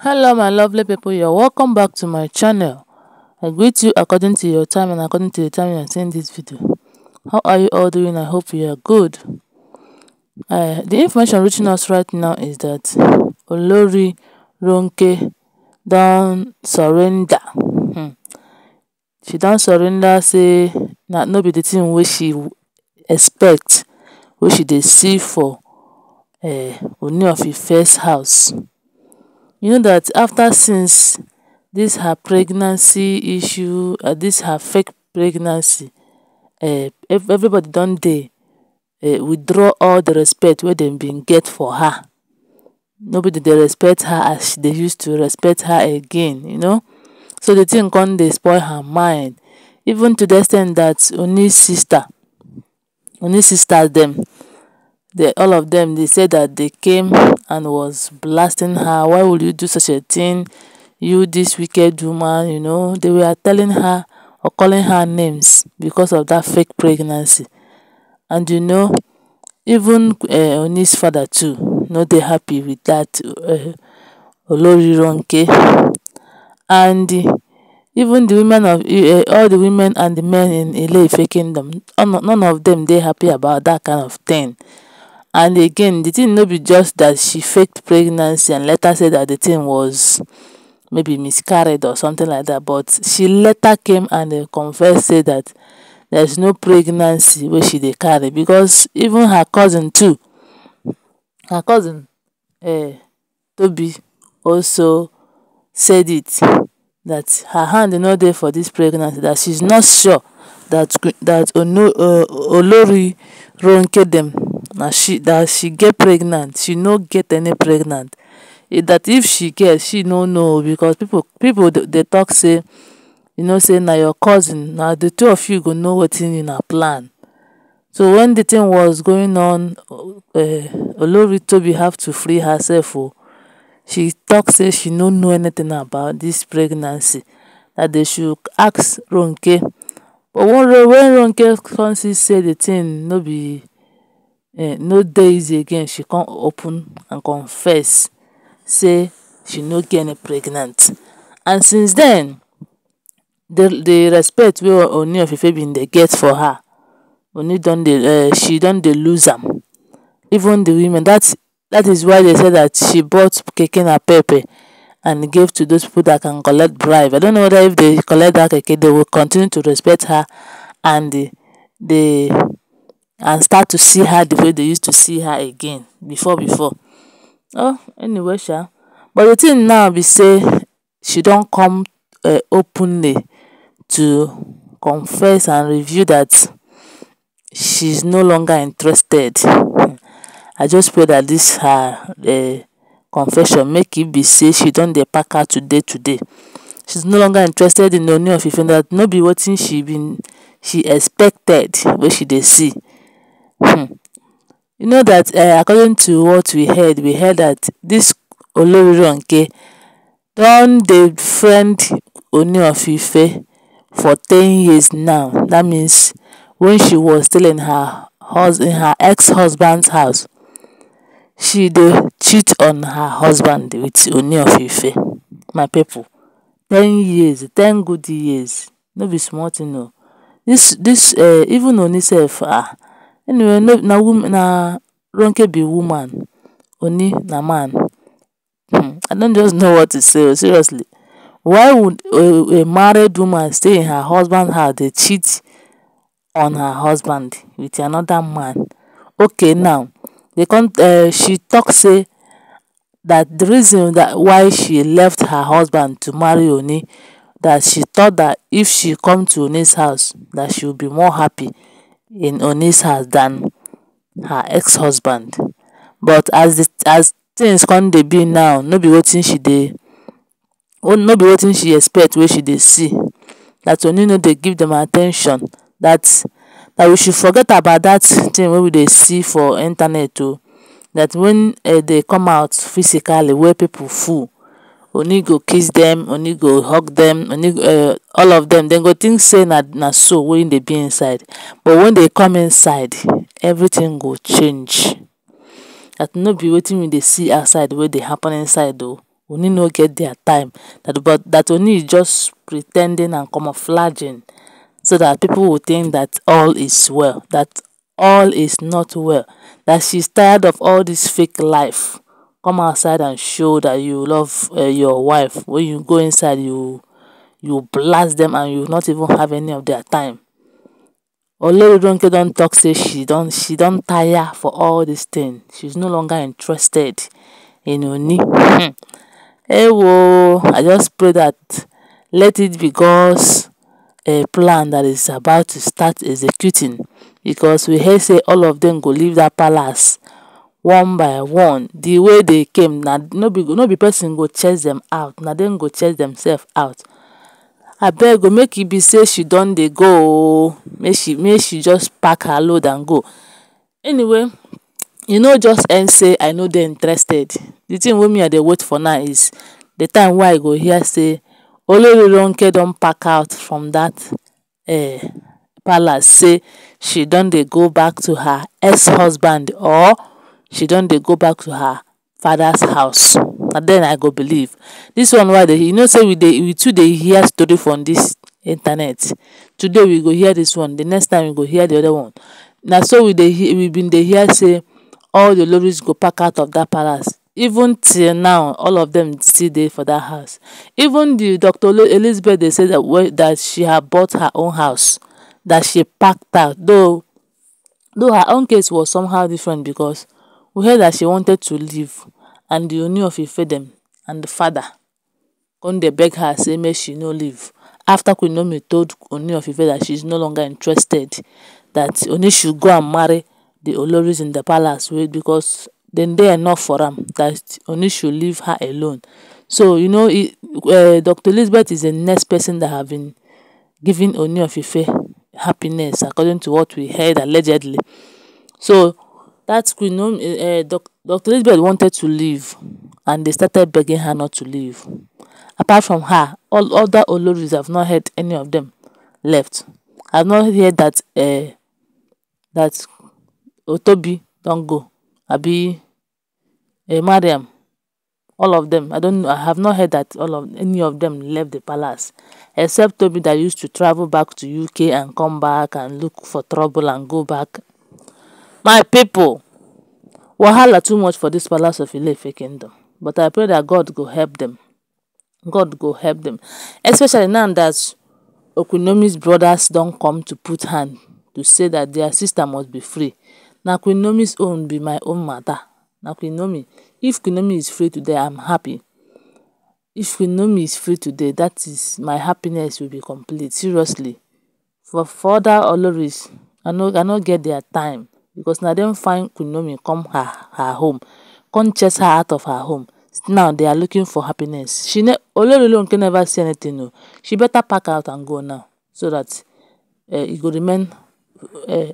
hello my lovely people you're welcome back to my channel i greet you according to your time and according to the time you are seeing this video how are you all doing i hope you are good uh, the information reaching us right now is that olori ronke don surrender hmm. she don't surrender say not, no be the thing wey she expect wey she they see for uh, oni of first house you know that after since this her pregnancy issue uh, this her fake pregnancy uh, everybody don they uh, eh, withdraw all the respect wey dem been get for her nobody they respect her as they used to respect her again you know so the thing come they spoil her mind even to the extent that only sister only sister them they all of them they said that they came and was blasting her why would you do such a thing you this wicked woman you know they were telling her or calling her names because of that fake pregnancy and you know even uh, Oni's father too not they happy with that uh, Olori Ronke and even the women of uh, all the women and the men in Ile Ife kingdom none of them they happy about that kind of thing And again, the thing no be just that she faked pregnancy and later said that the thing was maybe miscarried or something like that. But she later came and uh, confessed, say that there's no pregnancy wey she dey carry because even her cousin too, her cousin uh, Toby also said it that her hand no dey for this pregnancy, that she's not sure that that Ono, uh, Olori Ronke dem na she that she get pregnant she no get any pregnant that if she get she no know because people people dey talk say you know say na your cousin na the two of you go know wetin una plan so when the thing was going on uh, olori toby have to free herself o oh. she talk say she no know anything about this pregnancy that they should ask ronke but when ronke come see say the thing no be uh, no days again she can't open and confess say she no getting pregnant and since then, the the respect we only of ife been dey get for her Only done the uh, she done the lose them. even the women That's that is why they say that she bought keke na pepe and gave to those people that can collect bribe i don't know whether if they collect that keke they will continue to respect her and the the and start to see her the way they used to see her again before before oh anyway sha but the thing now be say she don come uh, openly to confess and reveal that she's no longer interested i just pray that this her uh, confession make e be say she don dey pack her today today she's no longer interested in Ooni of Ife that no be wetin she been she expected wey she dey see um you know that um according to what we heard we heard that this oloriro nkem don dey friend ooni of for ten years now That means when she was still in her hus in her ex-husband's house she dey cheat on her husband with ooni of my people ten years ten good years no be small thing oo oh. this, dis um eh, even Oni sef um Anyway na woman na Ronke be woman, oni na man. Hmm, I don't just know what to say oh, seriously. Why would a, a married woman stay in her husband house dey cheat on her husband with another man? Okay now, they come um she talk say that the reason that why she left her husband to marry oni, that she thought that if she come to oni's house that she would be more happy in onitsha dan her ex-husband but as as things come dey be now no be wetin she dey no be wetin she expect wey she dey see that oni no dey give them at ten tion dat dat we should forget about that thing wey we dey see for internet o That when e dey come out physically wey people full oni go kiss dem oni go hug dem oni uh, eh, all of dem dem go think say na na so wey dey be inside but when they come inside everything go change that no be wetin we dey see outside wey dey happen inside o oni no get their time that but that oni is just pretending and camouflaging so that people will think that all is well that all is not well that she's tired of all this fake life come outside and show that you love uh, your wife when you go inside you you blast them and you not even have any of their time Olarodunke don talk say she don she don tire for all dis thing she's no longer interested in Ooni hmm. ewo eh, I just pray that let it be God's uh, plan that is about to start executing because we hear say all of them go leave that palace one by one the way they came na no be no be person go chase them out na them go chase themselves out abeg o make e be say she don dey go ooo make she make she just pack her load and go anyway you no just end say i no dey interested the thing wey me i dey wait for now is the time wey i go hear say olorironke don pack out from that. um palace say she don dey go back to her ex-husband or she don dey go back to her father's house and then i go believe this one why you know say we two they hear story from this internet today we go hear this one the next time we go hear the other one Now so we we been they hear say all the lorries go pack out of that palace even till now all of them still there for that house even the dr elizabeth said say that she had bought her own house that she packed out though though her own case was somehow different because we heard that she wanted to leave and the only of Ifedem and the father when they beg her say "May she no leave after Queen told only of Ife that she is no longer interested that Ooni should go and marry the Oloris in the palace wey because they are enough for him. that Ooni should leave her alone so you know uh, eh, Dr. Elizabeth is the next person that have been giving only of Ife happiness according to what we heard allegedly so that queen uh, eh, Doc, Dr. Elizabeth wanted to leave and they started begging her not to leave. Apart from her, all other Oloris have not heard any of them left. I have not heard that uh, that Otobi don't go. Abi, uh, Mariam, all of them. I don't. I have not heard that all of any of them left the palace, except Otobi that used to travel back to UK and come back and look for trouble and go back my people, wahala too much for this palace of Ilefe kingdom. But I pray that God go help them. God go help them. Especially now that Okunomi's brothers don't come to put hand to say that their sister must be free. Now Okunomi's own be my own matter. Now Okunomi, if Okunomi is free today, I'm happy. If Okunomi is free today, that is my happiness will be complete. Seriously. For Father Oloris, I no, I no get their time. Because na them find Kunomi come her her home come chase her out of her home now they are looking for happiness she ne Olorilo can never see anything No, oh. she better pack out and go now so that uh, it will remain uh,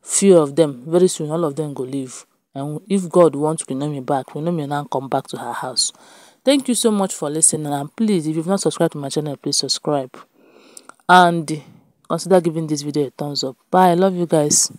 few of them very soon all of them go leave and if God wants Kunomi back Kunomi now come back to her house thank you so much for listening and please if you've not subscribed to my channel please subscribe and consider giving this video a thumbs up bye I love you guys